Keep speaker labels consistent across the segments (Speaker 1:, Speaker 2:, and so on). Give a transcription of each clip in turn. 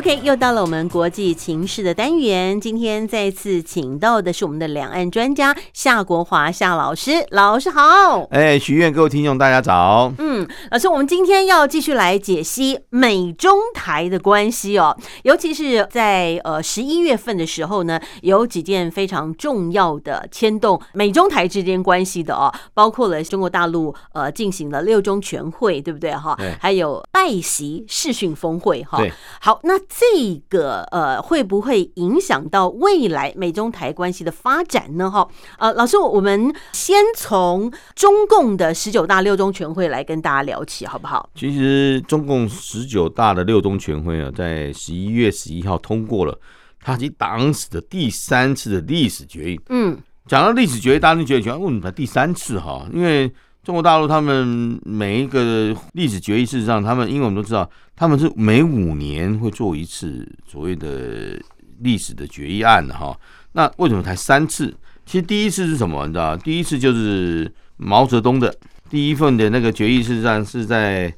Speaker 1: OK，又到了我們國際情勢的單元。今天再次請到的是我們的兩岸專家夏國華夏老師，老師好！
Speaker 2: 哎，許願各位聽眾，大家早。嗯，
Speaker 1: 老師，我們今天要繼續來解析美中台的關係哦，尤其是在呃十一月份的時候呢，有幾件非常重要的牽動美中台之間關係的哦，包括了中國大陸呃進行了六中全會，對不對哈？哦、對還有拜習視訊峰會哈。哦、對好，那。這個呃，會不會影響到未來美中台關係的發展呢？哈，呃，老師，我們先從中共的十九大六中全會來跟大家聊起，好不好？
Speaker 2: 其實，中共十九大的六中全會啊，在十一月十一號通過了，他是黨史的第三次的歷史決議。嗯，講到歷史決議，當然就覺得奇怪，為什麼第三次啊？哈，因為。中國大陸他們每一個歷史決議事實上，他們因為我們都知道，他們是每五年會做一次所謂的歷史的決議案的哈。那為什麼才三次？其實第一次是什麼？你知道，第一次就是毛澤東的第一份的那個決議事實上是在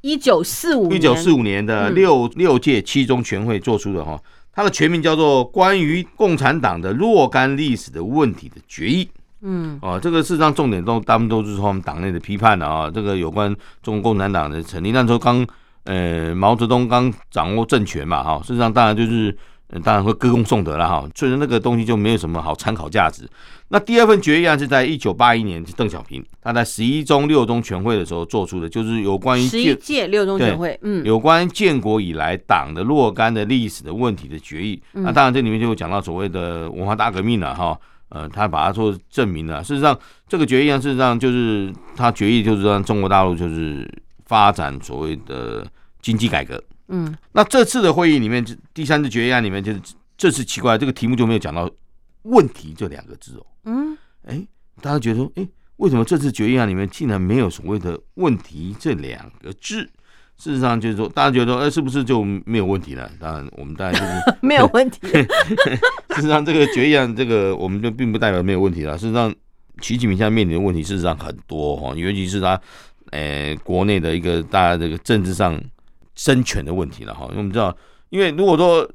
Speaker 1: 一九四五一九四五
Speaker 2: 年的六六屆七中全會做出的哈。它的全名叫做《關於共產黨的若干歷史的問題的決議》。嗯，哦，這個事實上重點都大部分都是從我們黨內的批判的啊、哦。這個有關中國共產黨的成立，那時候剛，呃，毛澤東剛掌握政權嘛，哈、哦，事實上當然就是、呃、當然會歌功頌德了哈、哦，所以那個東西就沒有什麼好參考價值。那第二份決議案、啊、是在一九八一年，是鄧小平他在十一中六中全會的時候做出的，就是有關於十一屆
Speaker 1: 六中全會，對嗯，有
Speaker 2: 關建國以來黨的若干的歷史的問題的決議。嗯、那當然這裡面就有講到所謂的文化大革命了、啊、哈。哦呃，他把它做證明了。事實上，這個決議案事實上就是他決議，就是讓中國大陸就是發展所謂的經濟改革。嗯，那這次的會議裡面，第三次決議案裡面，就是這次奇怪，這個題目就沒有講到“問題”這兩個字哦。嗯，哎，大家覺得說，哎，為什麼這次決議案裡面竟然沒有所謂的問題這兩個字？事實上就是說，大家覺得，哎，是不是就沒有問題了？當然，我們當然就是 沒有問題。 事實上，這個決議案，這個我們就並不代表沒有問題了。事實上，習近平現在面臨的問題，事實上很多哈，尤其是他，誒，國內的一個大家這個政治上生權的問題了哈。因為我們知道，因為如果說，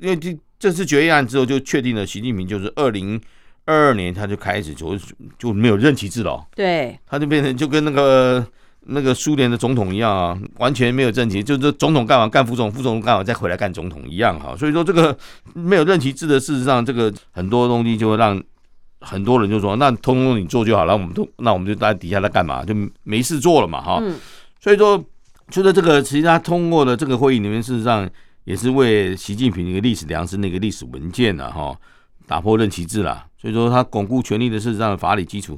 Speaker 2: 因為這這次決議案之後，就確定了習近平就是二零二二年他就開始就就沒有任期制了，對，他就變成就跟那個。那個蘇聯的總統一樣啊，完全沒有任期，就是總統幹完，幹副總統，副總幹完再回來幹總統一樣哈。所以說，這個沒有任期制的，事實上這個很多東西就會讓很多人就說，那通通你做就好了，然後我們都那我們就在底下在幹嘛，就沒事做了嘛哈。嗯、所以說，就在這，這個其實他通過的這個會議裡面，事實上也是為習近平一個歷史良知的、那個歷史文件了、啊、哈，打破任期制了。所以說他鞏固權力的事實上的法理基礎，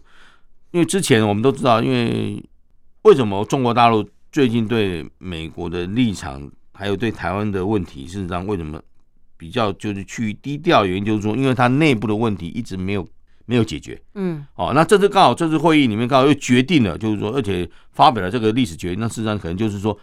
Speaker 2: 因為之前我們都知道，因為。為什麼中國大陸最近對美國的立場，還有對台灣的問題，事實上為什麼比較就是趨於低調？原因就是說，因為它內部的問題一直沒有沒有解決。嗯，哦，那這次剛好這次會議裡面剛好又決定了，就是說，而且發表了這個歷史決議，那事實上可能就是說，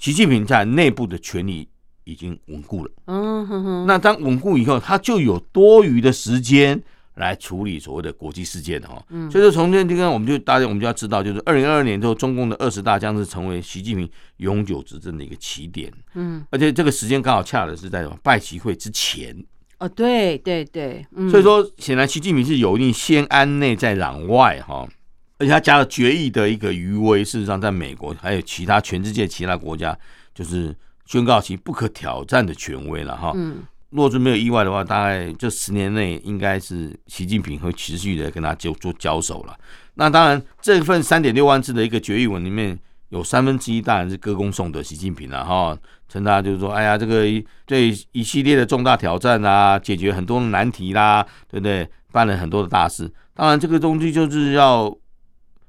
Speaker 2: 習近平在內部的權力已經穩固了。嗯哼哼。那當穩固以後，他就有多餘的時間，來處理所謂的國際事件的哈，嗯，所以說從這個地方我們就大家我們就要知道，就是二零二二年之後中共的二十大將是成為習近平永久執政的一個起點，嗯，而且這個時間剛好恰的是在什麼？拜習會之前，
Speaker 1: 哦，對對對，嗯，所以說
Speaker 2: 顯然習近平是有一定先安內再攘外哈，而且他加了決議的一個餘威，事實上在美國還有其他全世界其他國家就是宣告其不可挑戰的權威了哈，嗯。若是沒有意外的話，大概就十年內應該是習近平會持續的跟他就做交手了。那當然，這份三點六萬字的一個決議文裡面有三分之一，當然是歌功頌德習近平了哈。稱他就是說，哎呀，這個對一系列的重大挑戰啊，解決很多難題啦，對不對？辦了很多的大事。當然，這個東西就是要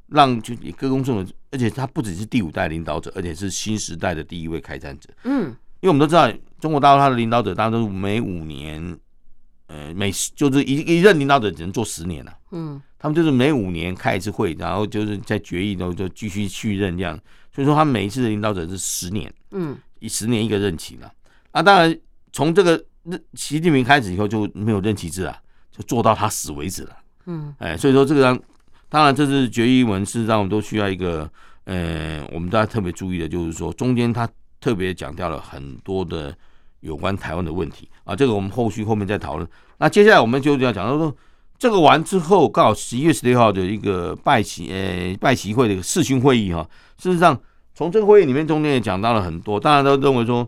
Speaker 2: 讓就歌功頌德，而且他不只是第五代領導者，而且是新時代的第一位開戰者。嗯。因為我們都知道，中國大陸它的領導者，當然都是每五年，呃，每就是一一任領導者只能做十年了。嗯，他們就是每五年開一次會，然後就是在決議中就繼續續任這樣。所以說，他每一次的領導者是十年，嗯，以十年一個任期了。啊，當然從這個習近平開始以後就沒有任期制啊，就做到他死為止了。嗯，哎、欸，所以說這個當然這是決議文，事實上我們都需要一個，呃，我們都要特別注意的就是說中間他。特別講到了很多的有關台灣的問題啊，這個我們後續後面再討論。那接下來我們就要講到說，這個完之後，剛好十一月十六號的一個拜習呃、哎、拜習會的一個視訊會議哈、啊。事實上，從這個會議裡面中間也講到了很多，大家都認為說，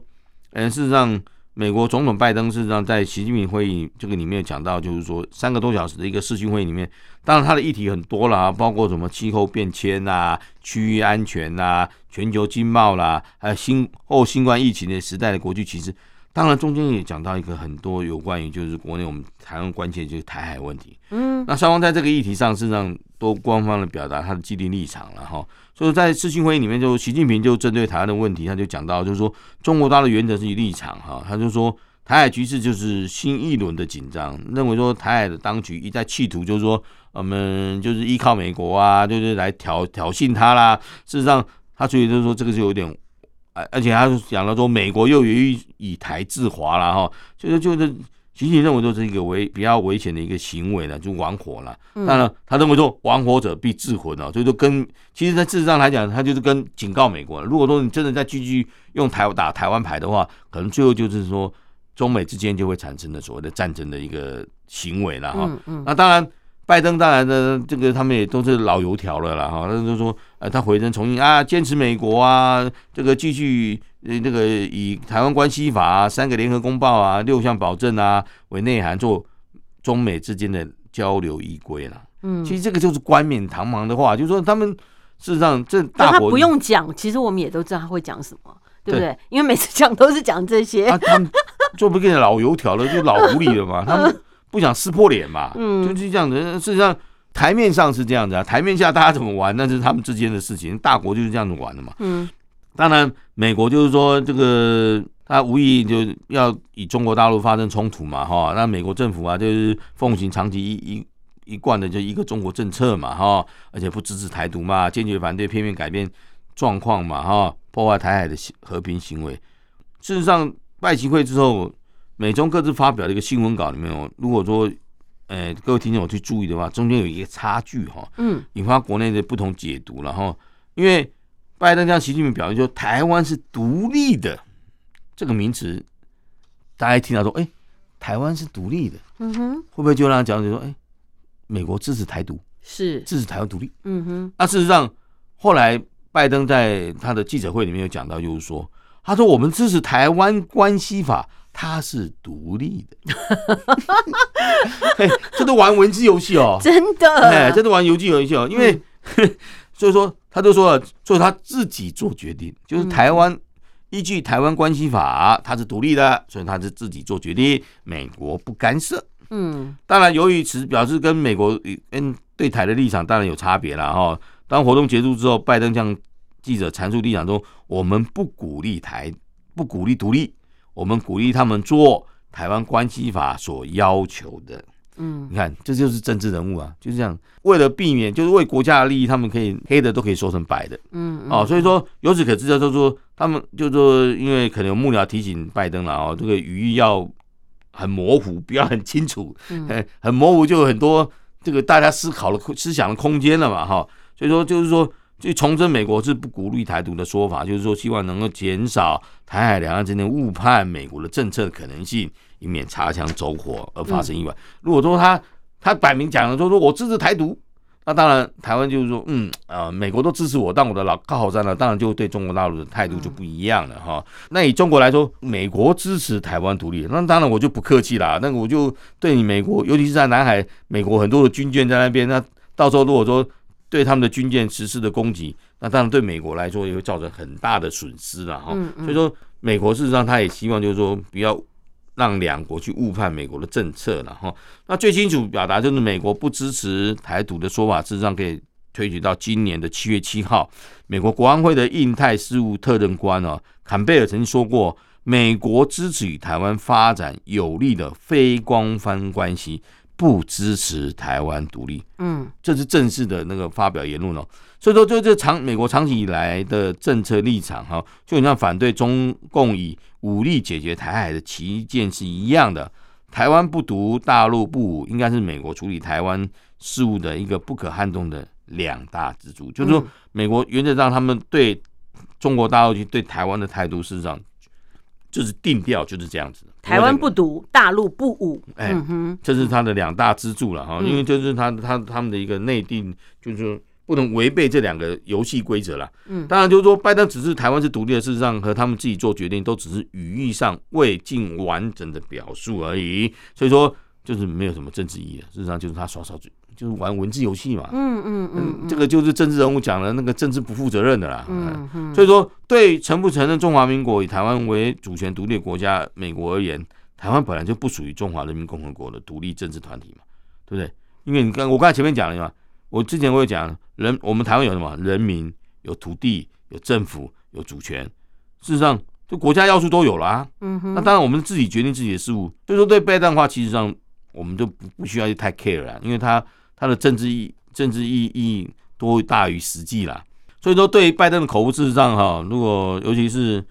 Speaker 2: 呃，事實上美國總統拜登事實上在習近平會議這個裡面講到，就是說三個多小時的一個視訊會議裡面，當然他的議題很多啦，包括什麼氣候變遷啊、區域安全啊全球經貿啦，還有新後新冠疫情的時代的國際局勢，其實當然中間也講到一個很多有關於就是國內我們台灣關切就是台海問題。嗯，那雙方在這個議題上事實上都官方的表達他的既定立場了哈。所以在視訊會議裡面就，就習近平就針對台灣的問題，他就講到，就是說中國大陸原則是一立場哈，他就說台海局勢就是新一輪的緊張，認為說台海的當局一再企圖就是說我們、嗯、就是依靠美國啊，就是來挑挑釁他啦，事實上。他所以就是說，這個就有點，而而且他講了說，美國又由於以，以台制華了哈，就是就是僅僅認為這是一個危比較危險的一個行為了，就玩火了。當然，他認為說玩火者必自焚啊，所以說跟其實，在事實上來講，他就是跟警告美國，如果說你真的再繼續用台打台灣牌的話，可能最後就是說中美之間就會產生了所謂的戰爭的一個行為了哈。那當然。拜登，當然呢，這個他們也都是老油條了啦，哈、啊，他就是、說，呃，他回聲重申啊，堅持美國啊，這個繼續那、呃這個以台灣關係法、啊、三個聯合公報啊、六項保證啊為內涵，做中美之間的交流依歸了。嗯，其實這個就是冠冕堂皇的話，就是說他們事實上這大。他不用
Speaker 1: 講，其實我們也都知道他會講什麼，對不對？對因為每次講都是講這些、啊。他們
Speaker 2: 就不跟老油條了， 就老狐狸了嘛，他們。 不想撕破臉嘛，嗯，就是這樣子，事實上，台面上是這樣子啊，台面下大家怎麼玩，那是他們之間的事情。大國就是這樣子玩的嘛。嗯，當然，美國就是說這個他無意就要與中國大陸發生衝突嘛，哈。那美國政府啊，就是奉行長期一一一貫的就一個中國政策嘛，哈。而且不支持台獨嘛，堅決反對片面改變狀況嘛，哈，破壞台海的和平行為。事實上，拜習會之後，美中各自發表的一個新聞稿裡面哦，如果說，哎、欸，各位聽眾有去注意的話，中間有一個差距哈，嗯，引發國內的不同解讀。然後，因為拜登向習近平表示說，台灣是獨立的，這個名詞，大家一聽到說，哎、欸，台灣是獨立的，嗯哼，會不會就讓他講解說，哎、欸，美國支持台獨，是支持台灣獨立，嗯哼。那事實上，後來拜登在他的記者會裡面有講到，就是說，他說我們支持台灣關係法。他是獨立的， 欸、這都玩文字遊戲哦！真
Speaker 1: 的，哎，這
Speaker 2: 都玩遊戲遊戲哦！因為、嗯、所以說，他都說了，所以他自己做決定，就是台灣依據台灣關係法，他是獨立的，所以他是自己做決定，美國不干涉。嗯，當然，由於此表示跟美國跟對台的立場當然有差別了哈。當活動結束之後，拜登向記者闡述立場中，我們不鼓勵台不鼓勵獨立。我們鼓勵他們做台灣關係法所要求的，嗯，你看，這就是政治人物啊，就是這樣。為了避免，就是為國家的利益，他們可以黑的都可以說成白的，嗯，哦，所以說由此可知道就是說他們就是說，因為可能幕僚提醒拜登了哦，這個語義要很模糊，不要很清楚，很模糊就有很多這個大家思考的思想的空間了嘛，哈，所以說就是說。所以重申美國是不鼓勵台獨的說法，就是說希望能夠減少台海兩岸之間誤判美國的政策的可能性，以免擦槍走火而發生意外。如果說他他擺明講了說說我支持台獨，那當然台灣就是說嗯呃美國都支持我，但我的老靠山呢，當然就對中國大陸的態度就不一樣了哈。那以中國來說，美國支持台灣獨立，那當然我就不客氣啦，那我就對你美國，尤其是在南海，美國很多的軍艦在那邊，那到時候如果說。對他們的軍艦實施的攻擊，那當然對美國來說也會造成很大的損失了哈。嗯嗯。所以說，美國事實上他也希望就是說，不要讓兩國去誤判美國的政策了哈。那最清楚表達就是美國不支持台獨的說法，事實上可以推舉到今年的七月七號，美國國安會的印太事務特任官、哦、坎貝爾曾經說過，美國支持與台灣發展有利的非官方關係。不支持台灣獨立，嗯，這是正式的那個發表言論哦。所以說，就這長美國長期以來的政策立場哈、哦，就你像反對中共以武力解決台海的旗艦是一樣的。台灣不獨，大陸不武，應該是美國處理台灣事務的一個不可撼動的兩大支柱。嗯、就是說，美國原則上他們對中國大陸及對台灣的態度，事實上就是定調就是這樣子。台灣不
Speaker 1: 獨，大陸不武，哎，
Speaker 2: 這是他的兩大支柱了哈，嗯、哼因為這是他他他們的一個內定，就是不能違背這兩個遊戲規則了。嗯、當然就是說，拜登只是台灣是獨立的，事實上和他們自己做決定都只是語義上未盡完整的表述而已，所以說。嗯就是沒有什麼政治意義的，事實上就是他耍耍嘴，就是玩文字遊戲嘛。嗯嗯嗯，嗯嗯這個就是政治人物講的那個政治不負責任的啦。嗯嗯，嗯所以說對承不承認中華民國以台灣為主權獨立的國家，美國而言，台灣本來就不屬於中華人民共和國的獨立政治團體嘛，對不對？因為你看我剛才前面講了嘛，我之前我有講人，我們台灣有什麼人民有土地有政府有主權，事實上就國家要素都有啦。嗯哼，嗯那當然我們自己決定自己的事務，所以說對拜登話，其實上。我們就不不需要去太 care 了，因為他他的政治意政治意義多於大於實際啦。所以說，對於拜登的口誤，事實上，哈，如果尤其是、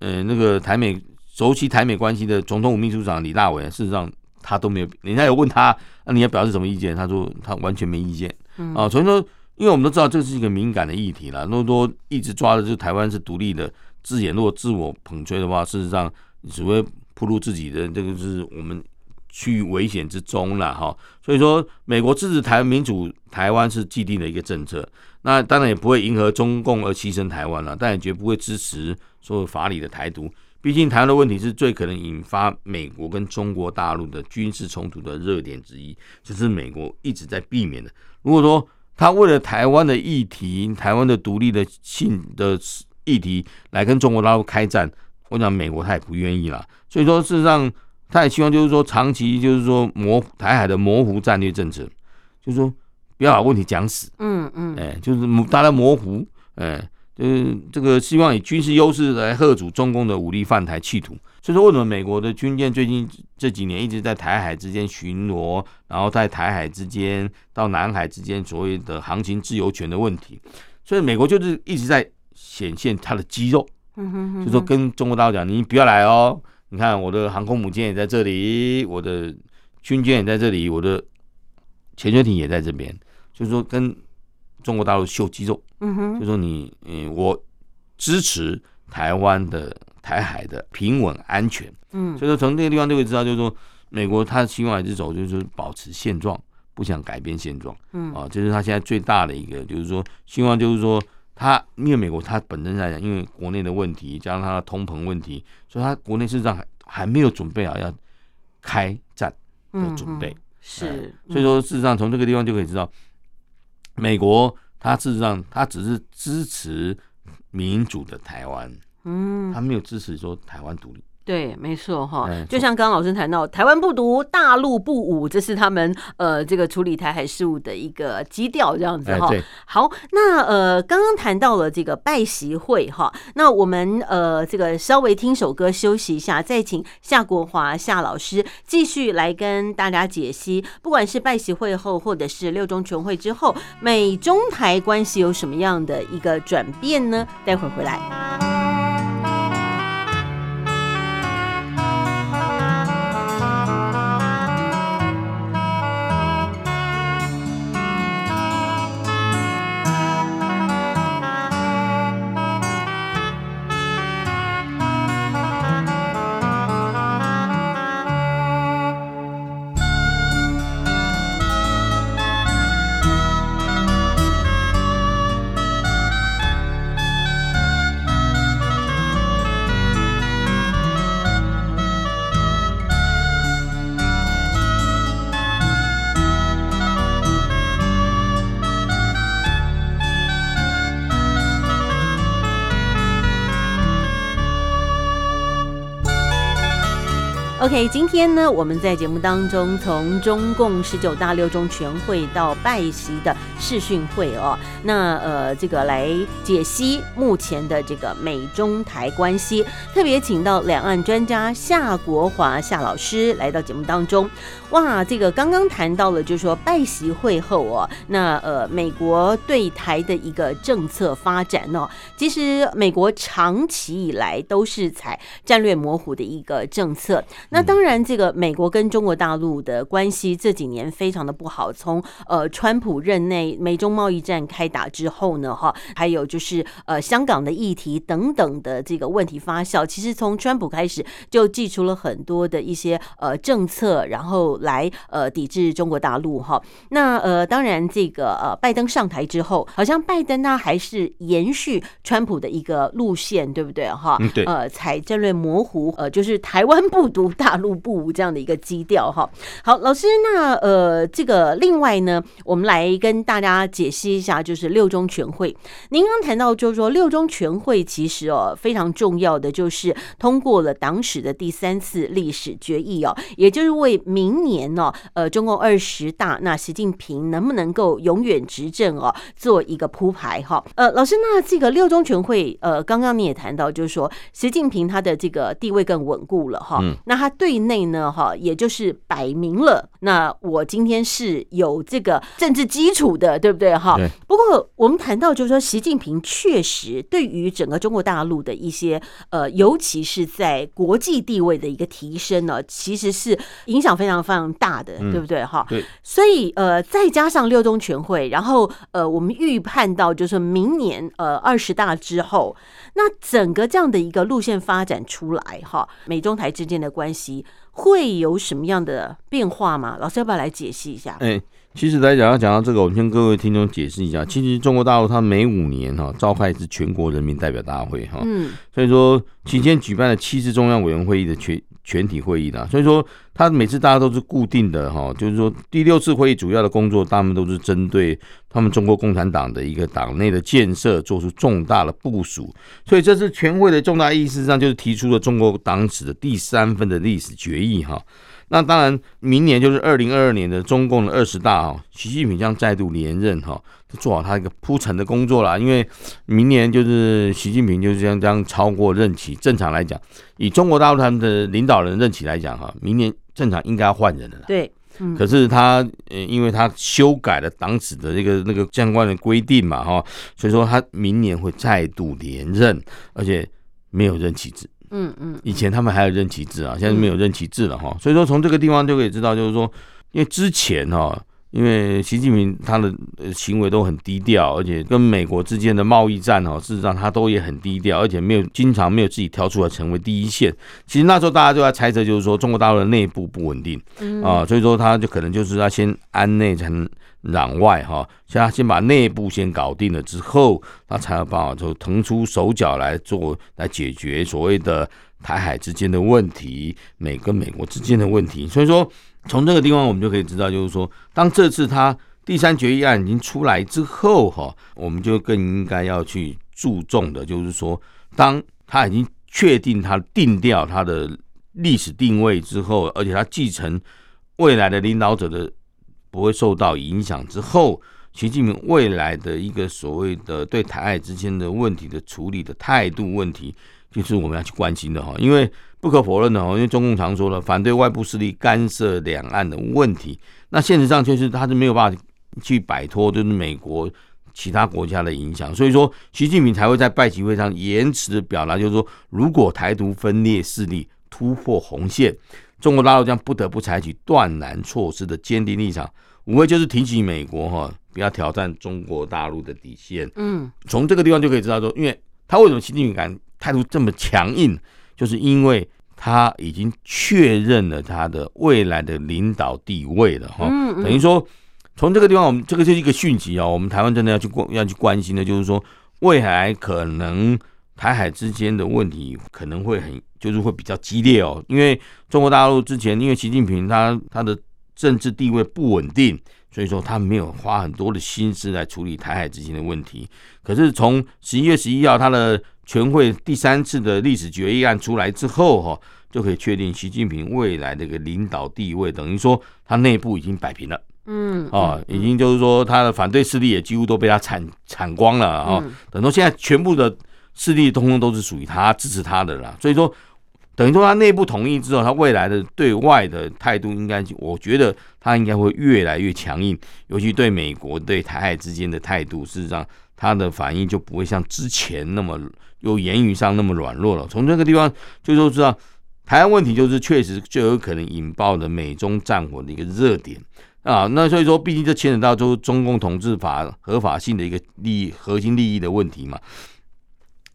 Speaker 2: 呃、那個台美熟悉台美關係的總統府秘書長李大維，事實上他都沒有人家有問他、啊，你要表示什麼意見？他說他完全沒意見啊。所以說，因為我們都知道這是一個敏感的議題啦。那麼多一直抓的就台灣是獨立的字眼，如果自我捧吹的話，事實上只會鋪入自己的這個是我們。去危險之中了哈，所以說美國支持台灣民主，台灣是既定的一個政策。那當然也不會迎合中共而犧牲台灣了，但也絕不會支持所謂法理的台獨。畢竟台灣的問題是最可能引發美國跟中國大陸的軍事衝突的熱點之一，這是美國一直在避免的。如果說他為了台灣的議題、台灣的獨立的性的議題來跟中國大陸開戰，我想美國他也不願意了。所以說，事實上。他也希望，就是說，長期就是說模，模台海的模糊戰略政策，就是說，不要把問題講死。嗯嗯。哎、嗯欸，就是大家模糊，哎、欸，就是這個希望以軍事優勢來嚇阻中共的武力犯台企圖。所以說，為什麼美國的軍艦最近這幾年一直在台海之間巡邏，然後在台海之間、到南海之間所謂的航行自由權的問題，所以美國就是一直在顯現他的肌肉。嗯哼,嗯哼就就說跟中國大陸講，你不要來哦。你看，我的航空母艦也在這裡，我的軍艦也在這裡，我的潛水艇也在這邊，就是說跟中國大陸秀肌肉。嗯哼，就是說你，嗯，我支持台灣的台海的平穩安全。嗯，所以說從這個地方就會知道，就是說美國他希望一直走，就是保持現狀，不想改變現狀。嗯啊，這是他現在最大的一個，就是說希望，就是說。他因為美國，他本身來講，因為國內的問題，加上他的通膨問題，所以他國內事實上還還沒有準備好要開戰的準備。嗯，是，嗯嗯，所以說事實上從這個地方就可以知道，美國他事實上他只是支持民主的台灣，嗯，他沒有支持說台灣獨立。
Speaker 1: 對，沒錯哈，錯就像剛剛老師談到，台灣不獨，大陸不武，這是他們呃這個處理台海事務的一個基調，這樣子哈。哎、好，那呃剛剛談到了這個拜習會哈，那我們呃這個稍微聽首歌休息一下，再請夏國華夏老師繼續來跟大家解析，不管是拜習會後，或者是六中全會之後，美中台關係有什麼樣的一個轉變呢？待會兒回來。今天呢，我們在節目當中從中共十九大六中全會到拜習的視訊會哦，那呃，這個來解析目前的這個美中台關係，特別請到兩岸專家夏國華夏老師來到節目當中。哇，這個剛剛談到了，就是說拜習會後哦，那呃，美國對台的一個政策發展哦，其實美國長期以來都是採戰略模糊的一個政策，那。當然，這個美國跟中國大陸的關係這幾年非常的不好。從呃，川普任內，美中貿易戰開打之後呢，哈，還有就是呃，香港的議題等等的這個問題發酵。其實從川普開始就祭出了很多的一些呃政策，然後來呃抵制中國大陸哈。那呃，當然這個呃，拜登上台之後，好像拜登呢還是延續川普的一個路線，對不對哈？嗯，對。呃，採戰略模糊，呃，就是台灣不獨大陸。路不這樣的一個基調哈，好，好，老師，那呃，這個另外呢，我們來跟大家解釋一下，就是六中全會。您剛談到，就是說六中全會其實哦，非常重要的就是通過了黨史的第三次歷史決議哦，也就是為明年呢、哦，呃，中共二十大，那習近平能不能夠永遠執政哦，做一個鋪排哈。呃，老師，那這個六中全會，呃，剛剛你也談到，就是說習近平他的這個地位更穩固了哈，那他對對內呢，哈，也就是擺明了，那我今天是有這個政治基礎的，對不對？哈對。不過我們談到，就是說，習近平確實對於整個中國大陸的一些，呃，尤其是在國際地位的一個提升呢，其實是影響非常非常大的，嗯、對不對？哈對。所以，呃，再加上六中全會，然後，呃，我們預判到，就是明年，呃，二十大之後。那整個這樣的一個路線發展出來，哈，美中台之間的關係會有什麼樣的變化嗎？老師要不要來解釋一下？哎、
Speaker 2: 欸，其實來講要講到這個，我們向各位聽眾解釋一下，其實中國大陸它每五年哈召開一次全國人民代表大會哈，嗯，所以說期間舉辦了七次中央委員會議的全。全體會議呢，所以說他每次大家都是固定的哈，就是說第六次會議主要的工作，他們都是針對他們中國共產黨的一個黨內的建設做出重大的部署，所以這次全會的重大意義事實上就是提出了中國黨史的第三份的歷史決議哈。那當然，明年就是二零二二年的中共的二十大啊，習近平將再度連任哈、喔，做好他一個鋪陳的工作啦。因為明年就是習近平就是將將超過任期，正常來講，以中國大陸他們的領導人任期來講哈，明年正常應該換人的了。對，可是他因為他修改了黨史的這個那個相關的規定嘛哈，所以說他明年會再度連任，而且沒有任期制。嗯嗯，以前他們還有任期制啊，現在沒有任期制了哈。所以說，從這個地方就可以知道，就是說，因為之前哈，因為習近平他的行為都很低調，而且跟美國之間的貿易戰哈，事實上他都也很低調，而且沒有經常沒有自己跳出來成為第一線。其實那時候大家就在猜測，就是說中國大陸的內部不穩定啊，所以說他就可能就是要先安內才能攘外哈，先先把內部先搞定了之後，那才有辦法就騰出手腳來做來解決所謂的台海之間的問題、美跟美國之間的問題。所以說，從這個地方我們就可以知道，就是說，當這次他第三決議案已經出來之後，哈，我們就更應該要去注重的，就是說，當他已經確定他定調他的歷史定位之後，而且他繼承未來的領導者的。不會受到影響之後，習近平未來的一個所謂的對台海之間的問題的處理的態度問題，就是我們要去關心的哈。因為不可否認的，因為中共常說了反對外部勢力干涉兩岸的問題，那現實上確實他是沒有辦法去擺脫，就是美國其他國家的影響。所以說，習近平才會在拜習會上延遲的表達，就是說，如果台獨分裂勢力突破紅線。中國大陸將不得不採取斷然措施的堅定立場，無非就是提醒美國哈、哦、不要挑戰中國大陸的底線。嗯，從這個地方就可以知道說，說因為他為什麼習近平敢態度這麼強硬，就是因為他已經確認了他的未來的領導地位了、哦。哈、嗯嗯，等於說從這個地方，我們這個就是一個訊息啊、哦。我們台灣真的要去關要去關心的，就是說未來可能。台海之間的問題可能會很，就是會比較激烈哦，因為中國大陸之前因為習近平他他的政治地位不穩定，所以說他沒有花很多的心思來處理台海之間的問題。可是從十一月十一號他的全會第三次的歷史決議案出來之後哈、哦，就可以確定習近平未來這個領導地位，等於說他內部已經擺平
Speaker 1: 了，嗯
Speaker 2: 哦，已經就是說他的反對勢力也幾乎都被他鏟鏟光了啊、哦，等到現在全部的。勢力通通都是屬於他支持他的啦，所以說等於說他內部同意之後，他未來的對外的態度，應該我覺得他應該會越來越強硬，尤其對美國對台海之間的態度，事實上他的反應就不會像之前那麼有言語上那麼軟弱了。從這個地方就都知道，台灣問題就是確實就有可能引爆的美中戰火的一個熱點啊。那所以說，畢竟這牽扯到中中共統治法合法性的一個利益核心利益的問題嘛。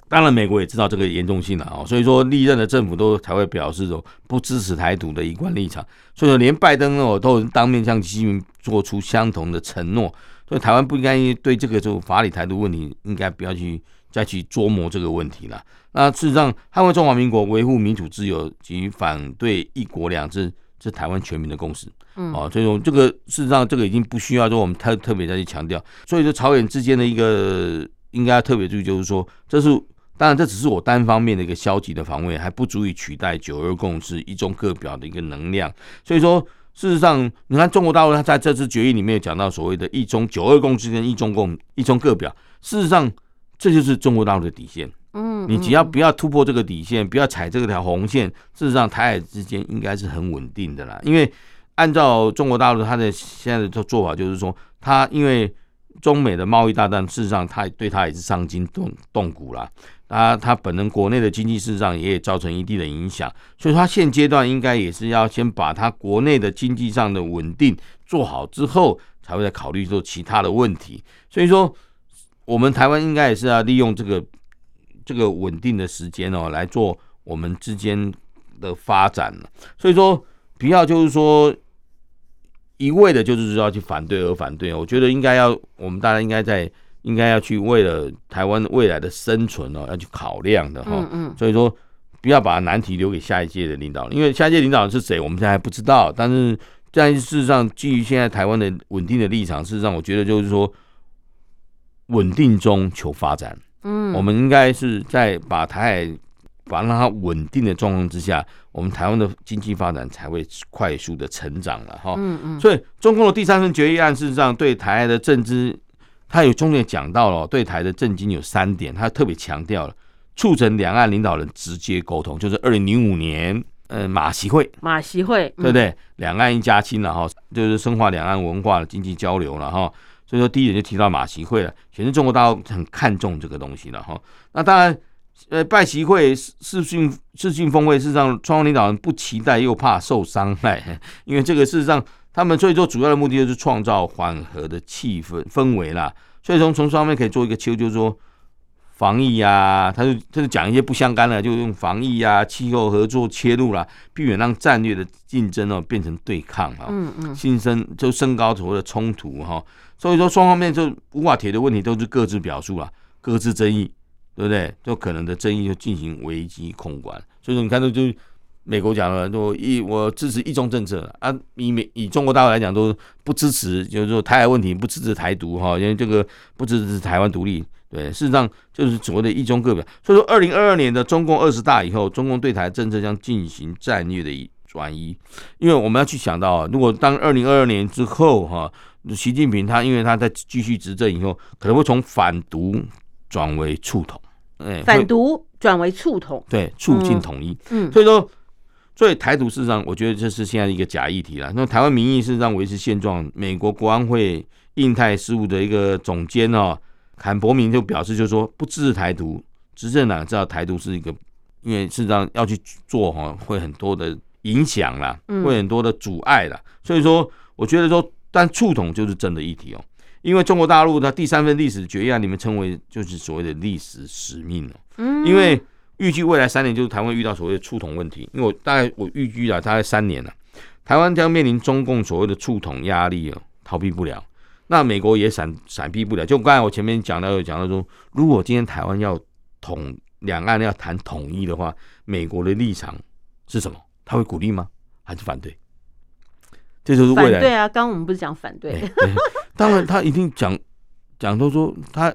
Speaker 2: 當然，美國也知道這個嚴重性了啊、哦，所以說歷任的政府都才會表示說不支持台獨的一貫立場。所以說，連拜登哦都當面向習近平做出相同的承諾。所以，台灣不應該對這個就法理台獨問題，應該不要去再去琢磨這個問題了。那事實上，捍衛中華民國、維護民主自由及反對一國兩制，是台灣全民的共識。嗯，啊，所以說這個事實上，這個已經不需要說我們特特別再去強調。所以說，朝野之間的一個應該要特別注意，就是說，這是。當然，這只是我單方面的一個消極的防衛，還不足以取代九二共識、一中各表的一個能量。所以說，事實上，你看中國大陸它在這次決議裡面有講到所謂的一中、九二共識跟一中共、一中各表。事實上，這就是中國大陸的底線。嗯，你只要不要突破這個底線，不要踩這條紅線，事實上，台海之間應該是很穩定的啦。因為按照中國大陸它的現在的做做法，就是說，它因為中美的貿易大戰，事實上它對它也是傷筋動動骨啦。他他本身國內的經濟市場也造成一定的影響，所以，他現階段應該也是要先把他國內的經濟上的穩定做好之後，才會再考慮做其他的問題。所以說，我們台灣應該也是要利用這個這個穩定的時間哦，來做我們之間的發展了。所以說，不要就是說一味的就是要去反對而反對，我覺得應該要我們大家應該在。應該要去為了台灣未來的生存哦，要去考量的哈。嗯，嗯，所以說，不要把難題留給下一屆的領導，因為下一屆領導人是誰，我們現在還不知道。但是，在事實上，基於現在台灣的穩定的立場，事實上，我覺得就是說，穩定中求發展。嗯。我們應該是在把台海把它穩定的狀況之下，我們台灣的經濟發展才會快速的成長了哈。嗯嗯。所以，中共的第三份決議案，事實上對台海的政治。他有重點講到了對台的政經有三點，他特別強調了促成兩岸領導人直接溝通，就是二零零五年，呃，馬習會，
Speaker 1: 馬習會，對不對？
Speaker 2: 兩岸一家親了哈，就是深化兩岸文化的經濟交流了哈。所以說第一點就提到馬習會了，顯示中國大陸很看重這個東西了哈。那當然，呃，拜習會是是視訊是視訊峰會，事實上，雙方領導人不期待又怕受傷害，因為這個事實上。他們所以說主要的目的就是創造緩和的氣氛、氛圍啦，所以說，從雙面可以做一個切，就是說防疫啊，他就他就講一些不相干的，就用防疫啊、氣候合作切入啦、啊，避免讓戰略的競爭哦、喔、變成對抗啊，嗯嗯，新生就升高頭的衝突哈、喔，所以說，雙方面就無法鐵的問題都是各自表述了，各自爭議，對不對？就可能的爭議就進行危機控管，所以說你看到就是。美國講了，一我支持一中政策啊，以美以中國大陸來講都不支持，就是說台灣問題不支持台獨哈，因為這個不支持台灣獨立，對，事實上就是所謂的一中各表。所以說，二零二二年的中共二十大以後，中共對台政策將進行戰略的轉移，因為我們要去想到啊，如果當二零二二年之後哈，習近平他因為他在繼續執政以後，可能會從反獨轉為促統。對，促統，哎，反
Speaker 1: 獨轉為促統，對，促進統一。嗯，所以說。
Speaker 2: 所以台獨事實上，我覺得這是現在一個假議題了。那台灣民意事實上維持現狀。美國國安會印太事務的一個總監哦、喔，坎伯明就表示，就是說不支持台獨，執政黨知道台獨是一個，因為事實上要去做哈、喔，會很多的影響啦，會很多的阻礙啦。嗯、所以說，我覺得說，但觸統就是真的議題哦、喔，因為中國大陸的第三份歷史決議案、啊，你們稱為就是所謂的歷史使命、喔嗯、因為。預計未來三年就是台灣遇到所謂的觸統問題，因為我大概我預計了大概三年了、啊，台灣將面臨中共所謂的觸統壓力了、喔，逃避不了。那美國也閃閃避不了。就剛才我前面講到，有講到說，如果今天台灣要統，兩岸要談統一的話，美國的立場是什麼？他會鼓勵嗎？還是反對？這就是未來反對啊！
Speaker 1: 剛剛我們不是講反對、欸
Speaker 2: 欸？當然，他一定講，講到說，他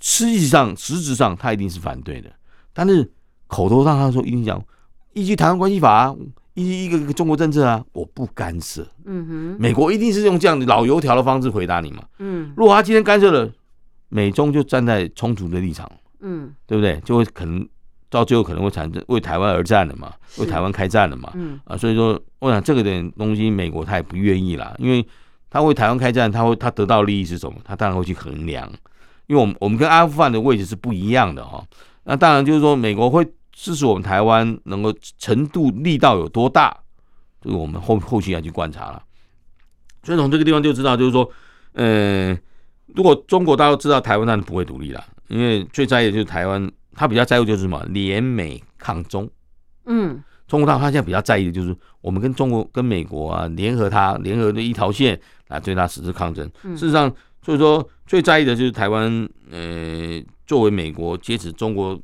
Speaker 2: 實際上實質上他一定是反對的，但是。口頭上他說一定講依據台灣關係法啊，依據一個一個中國政策啊，我不干涉。嗯哼，美國一定是用這樣的老油條的方式回答你嘛。嗯，如果他今天干涉了，美中就站在衝突的立場。嗯，對不對？就會可能到最後可能會產生為台灣而戰了嘛，是為台灣開戰了嘛。嗯，啊，所以說我想這個點東西，美國他也不願意啦，因為他為台灣開戰，他會他得到利益是什麼？他當然會去衡量，因為我們我們跟阿富汗的位置是不一樣的哈、哦。那當然，就是說美國會支持我們台灣，能夠程度力道有多大，這個我們後後續要去觀察了。所以從這個地方就知道，就是說，呃，如果中國大陸知道，台灣當然不會獨立了，因為最在意的就是台灣，他比較在乎就是什麼聯美抗中。嗯，中國大陸他現在比較在意的就是我們跟中國跟美國啊聯合他，他聯合的一條線來對他實施抗爭。嗯、事實上。所以說，最在意的就是台灣。呃，作為美國挾持中國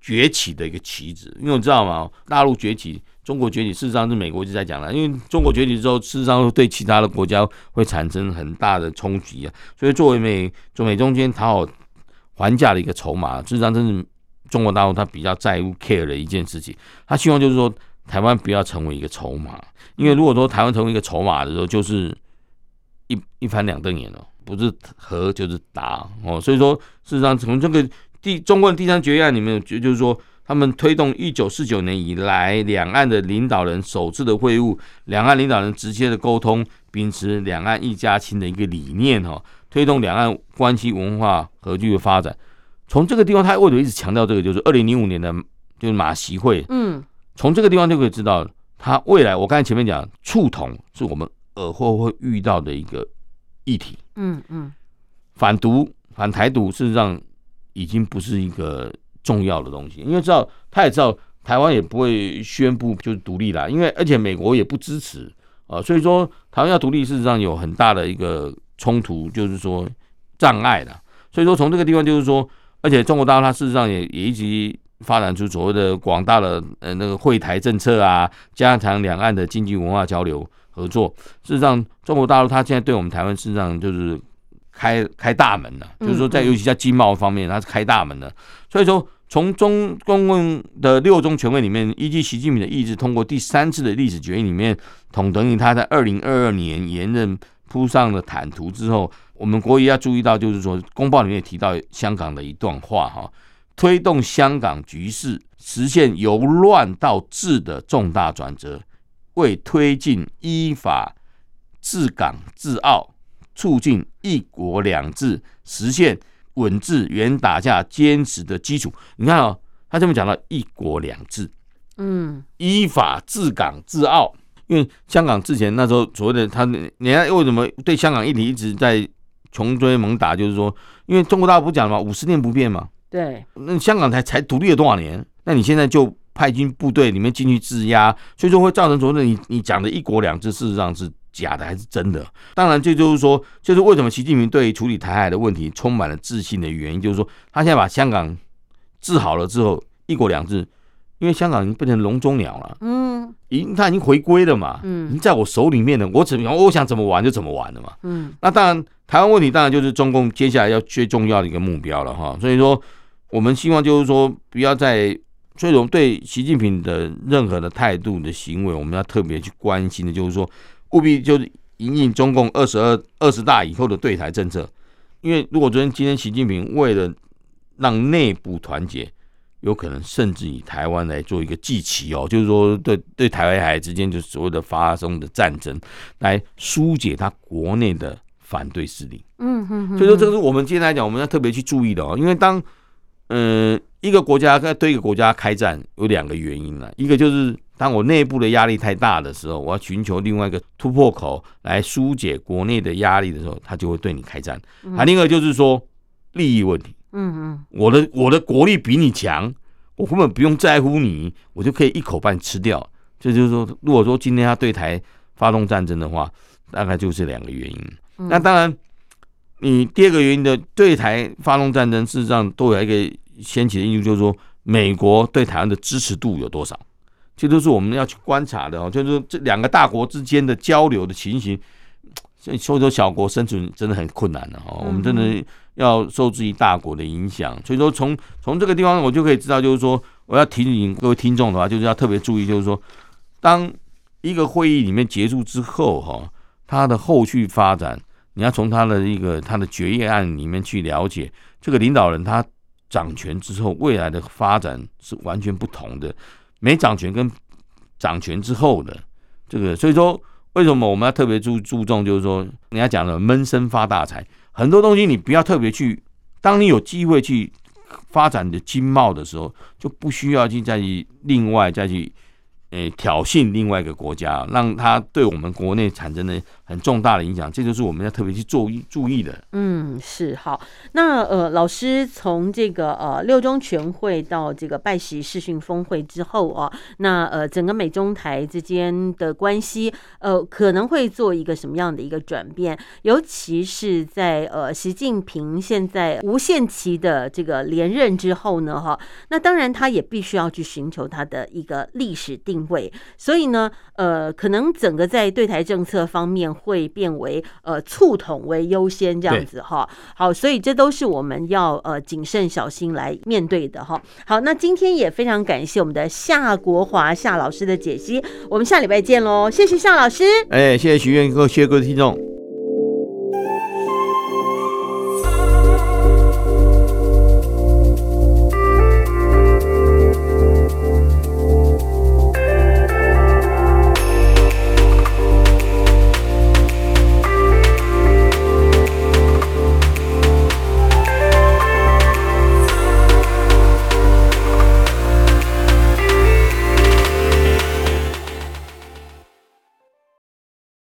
Speaker 2: 崛起的一個棋子，因為你知道嘛，大陸崛起、中國崛起，事實上是美國一直在講的。因為中國崛起之後，事實上對其他的國家會產生很大的衝擊啊。所以，作為美中美中間討好還價的一個籌碼，事實上，這是中國大陸他比較在乎、care 的一件事情。他希望就是說，台灣不要成為一個籌碼，因為如果說台灣成為一個籌碼的時候，就是。一一翻兩瞪眼哦、喔，不是和就是打哦、喔，所以說事實上從這個第中共的第三決議案裡面，就就是說他們推動一九四九年以來兩岸的領導人首次的會晤，兩岸領導人直接的溝通，秉持兩岸一家親的一個理念哦、喔，推動兩岸關係文化和具的發展。從這個地方，他為了一直強調這個，就是二零零五年的就是馬習會，嗯，從這個地方就可以知道，他未來我剛才前面講促統是我們。呃，或會遇到的一個議題。嗯
Speaker 1: 嗯，
Speaker 2: 反獨反台獨事實上已經不是一個重要的東西，因為知道他也知道台灣也不會宣布就是獨立了，因為而且美國也不支持啊，所以說台灣要獨立事實上有很大的一個衝突，就是說障礙了。所以說從這個地方就是說，而且中國大陸它事實上也也一直發展出所謂的廣大的呃那個惠台政策啊，加強兩岸的經濟文化交流。合作，事實上，中國大陸他現在對我們台灣事實上就是開開大門了，就是說，在尤其在經貿方面，他是開大門的。嗯嗯，所以說，從中共的六中全會裡面，以及習近平的意志通過第三次的歷史決議裡面，統等於他在二零二二年延任鋪上了坦途之後，我們國家要注意到，就是說，公報裡面也提到香港的一段話哈，推動香港局勢實現由亂到治的重大轉折。為推進依法治港治澳，促進“一國兩制”實現穩致遠打下堅持的基礎。你看啊、哦，他這麼講到“一國兩制”，嗯，依法治港治澳，因為香港之前那時候所謂的他，你看為什麼對香港議題一直在窮追猛打？就是說，因為中國大陸不講嘛，五十年不變嘛，對，那香港才才獨立了多少年？那你現在就。派軍部隊裡面進去制壓，所以說會造成說你你講的一國兩制事實上是假的還是真的？當然，這就是說，就是為什麼習近平對於處理台海的問題充滿了自信的原因，就是說他現在把香港治好了之後，一國兩制，因為香港已經變成籠中鳥
Speaker 1: 了，
Speaker 2: 嗯，已經他已經回歸了嘛，嗯，已經在我手裡面了，我怎麼我想怎麼玩就怎麼玩了嘛，嗯，那當然，台灣問題當然就是中共接下來要最重要的一個目標了哈，所以說我們希望就是說不要再。所以，我們對習近平的任何的態度的行為，我們要特別去關心的，就是說，務必就是引領中共二十二、二十大以後的對台政策。因為如果昨天、今天，習近平為了讓內部團結，有可能甚至以台灣來做一個祭旗哦，就是說，對對台灣海之間就所謂的發生的戰爭，來疏解他國內的反對勢力嗯哼哼。嗯嗯嗯。所以說，這是我們今天來講，我們要特別去注意的哦。因為當嗯。呃一個國家在對一個國家開戰，有兩個原因了。一個就是當我內部的壓力太大的時候，我要尋求另外一個突破口來疏解國內的壓力的時候，他就會對你開戰。還另一個就是說利益問題。嗯嗯，我的我的國力比你強，我根本不用在乎你，我就可以一口半吃掉。這就是說，如果說今天他對台發動戰爭的話，大概就是兩個原因。那當然，你第二個原因的對台發動戰爭，事實上都有一個。掀起的因素就是說，美國對台灣的支持度有多少？這都是我們要去觀察的哦，就是說，這兩個大國之間的交流的情形，所以說小國生存真的很困難的哈。我們真的要受制於大國的影響。所以說，從從這個地方，我就可以知道，就是說，我要提醒各位聽眾的話，就是要特別注意，就是說，當一個會議裡面結束之後哈，它的後續發展，你要從他的一個他的決議案裡面去了解這個領導人他。掌權之後，未來的發展是完全不同的。沒掌權跟掌權之後的這個，所以說為什麼我們要特別注注重，就是說人家講的悶聲發大財，很多東西你不要特別去。當你有機會去發展的經貿的時候，就不需要去再去另外再去，呃，挑釁另外一個國家，讓他對我們國內產生的。很重大的影響，這就是我們要特別去注意注意的。
Speaker 1: 嗯，是好。那呃，老師從這個呃六中全會到這個拜習視訊峰會之後啊、哦，那呃，整個美中台之間的關係呃，可能會做一個什麼樣的一個轉變？尤其是在呃，習近平現在無限期的這個連任之後呢，哈、哦，那當然他也必須要去尋求他的一個歷史定位，所以呢，呃，可能整個在對台政策方面。會變為呃，促統為優先這樣子哈，對好，所以這都是我們要呃謹慎小心來面對的哈。好，那今天也非常感謝我們的夏國華夏老師的解析，我們下禮拜見嘍，謝謝夏老師，
Speaker 2: 哎，謝謝許願哥，謝謝各位聽眾。